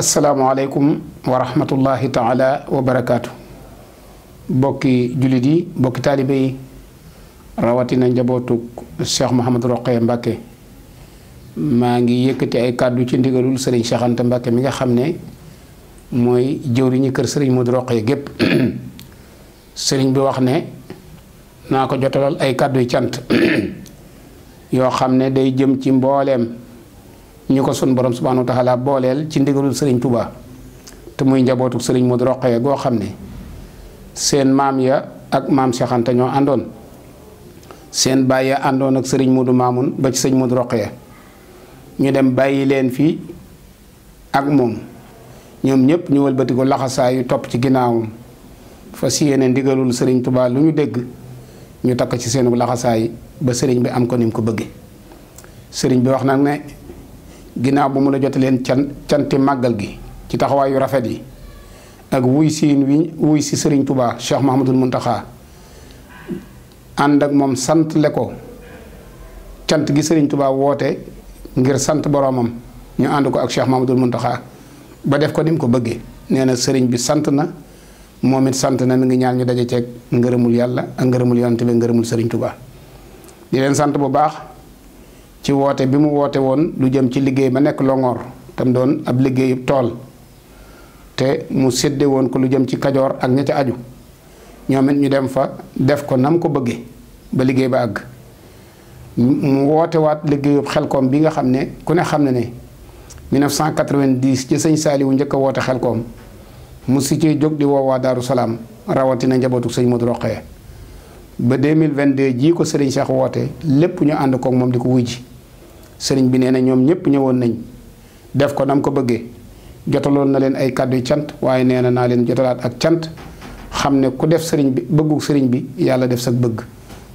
asalaamualeykum wa rahmatullahi taala wa bokki jullit yi bokki taalibe yi rawatina njabootuk cheikh Mouhamadou Rokhaya Mbacke maa ngi yëkkati ay kàddu ci ndigalul sëriñ Cheikh Anta mi nga xam ne mooy jëwriñu kër sëriñ Modou Rokhaya gépp sëriñ bi wax ne naa ko jotalal ay kàddu cant yoo xam ne day jëm ci mbooleem ñu ko sun borom subhanahu wa taala booleel ci ndigalul sëriñ Touba te muy njabootu sëriñ Modou Rokhaya goo xam ne seen maam ya ak maam Cheikh Anta ñoo àndoon seen baay ya àndoon ak sëriñ Modou Mamoun ba ci sëñ Modou ya ñu dem bàyyi leen fii ak moom ñoom ñëpp ñu wëlbati ko laxasaa yu topp ci ginnaawam fas yéene ndigalul sëriñ Touba lu ñu dégg ñu takk ci seenu laxasaay ba sëriñ bi am ko ni ko bëggee sëriñ bi wax nag ne. ginnaaw bu mu la jot leen can canti màggal gi ci taxawaayu rafet yi ak wuy siin wi wuy si sëriñ Touba Cheikh Mahamadul Muntaxa ànd ak moom sant le ko cant gi sëriñ tubaa woote ngir sant boroomam ñu ànd ko ak Cheikh Mahamadul Muntaxa ba def ko ni mu ko bëggee nee na sëriñ bi sant na moom it sant na mi ngi ñaan ñu daje ceeg ngërëmul yàlla ak ngërëmul yonent bi ngërëmul sëriñ Touba di leen sant bu baax ci woote bi mu woote woon lu jëm ci liggéey ba nekk Longoor tam doon ab liggéeyu tool te mu sédde woon ko lu jëm ci Kajoor ak ña ca aju ñoom ñu dem fa def ko nam ko bëggee ba liggéey ba àgg mu woote waat liggéeyub xelkoom bi nga xam ne ku ne xam ne ne 1990 ci sëñ Saaliwu njëkk a woote xelkoom mu si cee jóg di woo waa Daaru Salaam rawatina njabootu sëñ Modou Rokhaya ba 2022 jii ko sëriñ Cheikh woote lépp ñu ànd kook moom di ko wuy sëriñ bi nee na ñoom ñëpp ñëwoon nañ def ko nam ko bëggee jotaloon na leen ay kàddu cant waaye nee na naa leen jotalaat ak cant xam ne ku def sëriñ bi bëggu sëriñ bi yàlla def sa bëgg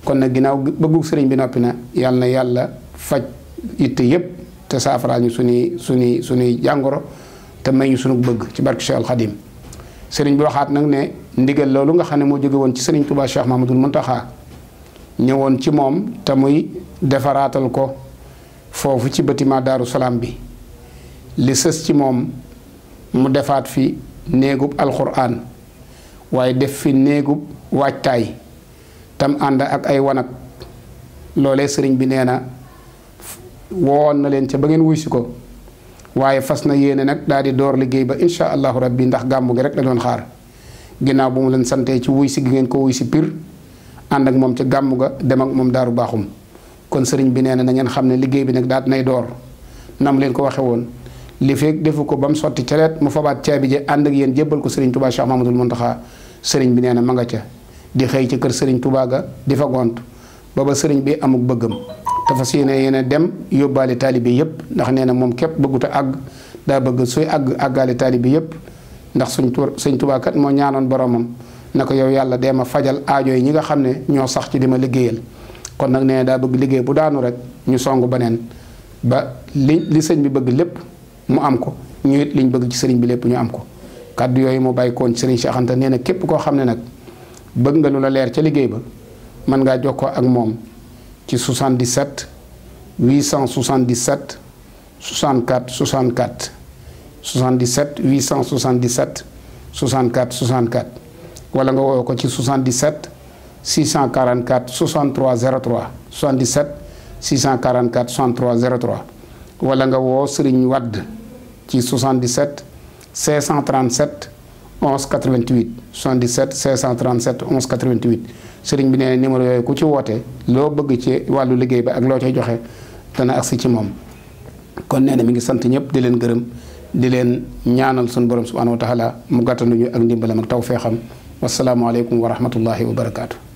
kon nag ginnaaw bëggu sëriñ bi noppi na yàlla na yàlla faj itte yëpp te saafara ñu suñuy suñuy suñuy jàngoro te may ñu suñu bëgg ci barke Cheikh Al Khadim sëriñ bi waxaat nag ne ndigal loolu nga xam ne moo jóge woon ci sëriñ Touba Cheikh Mahmadul Muntaxa ñëwoon ci moom te muy defaraatal ko foofu ci bâtiment daaru salaam bi li sës ci moom mu defaat fi néegub alxuraan waaye def fi néegub waajtaay tam ànd ak ay wanag loole sëriñ bi nee na woon na leen ca ba ngeen wuy si ko waaye fas na yéene nag daal di door liggéey ba incha allahu rabbi ndax gàmmu gi rek la doon xaar ginnaaw bu mu leen santee ci wuysi gi ngeen ko wuy si pir ànd ak moom ca gàmmu ga dem ak moom daaru baaxum kon sëriñ bi nee na na ngeen xam ne liggéey bi nag daat nay door nam leen ko waxe woon li feeg defu ko ba mu sotti caleet mu fabaat caabi je ànd ak yéen jébbal ko sëriñ Touba Cheikh Mamadou Mountakha sëriñ bi nee na ma nga ca di xëy ci kër sëriñ Touba ga di fa gont ba ba sëriñ bi amuk bëggam te fas yéene yéen a dem yóbbaale taalibe yëpp ndax nee na moom képp bëggut a àgg daa bëgg suy àgg àggaale taalibe yëpp ndax suñ sëñ Touba kat moo ñaanoon boromam na ko yow yàlla dee ma fajal aajo yi ñi nga xam ne ñoo sax ci di liggéeyal kon nag nee daa bëgg liggéey bu daanu rek ñu song beneen ba li li sëñ bi bëgg lépp mu am ko ñu it liñ bëgg ci sëriñ bi lépp ñu am ko kàddu yooyu mu bàyyi koon ci sëriñ Cheikh nee na képp koo xam ne nag bëgg nga lu la leer ca liggéey ba mën ngaa jox ko ak moom ci 77 877 64 64 77 877 64 64 wala nga woo ko ci 77. 644 63 03 77 644 63 03 wala nga woo Serigne Wadd ci 77 537 11 88 77 537 11 88 Serigne bi nee numéro yooyu ku ci woote loo bëgg ci wàllu liggéey bi ak loo cay joxe dana agsi ci moom kon nee na mi ngi sant ñëpp di leen gërëm di leen ñaanal sunu borom subhaanahu wa taala mu gàttanduñu ak ndimbalam ak tawfeexam wasalaamualeykum wa rahmatullahi wa barakaatu.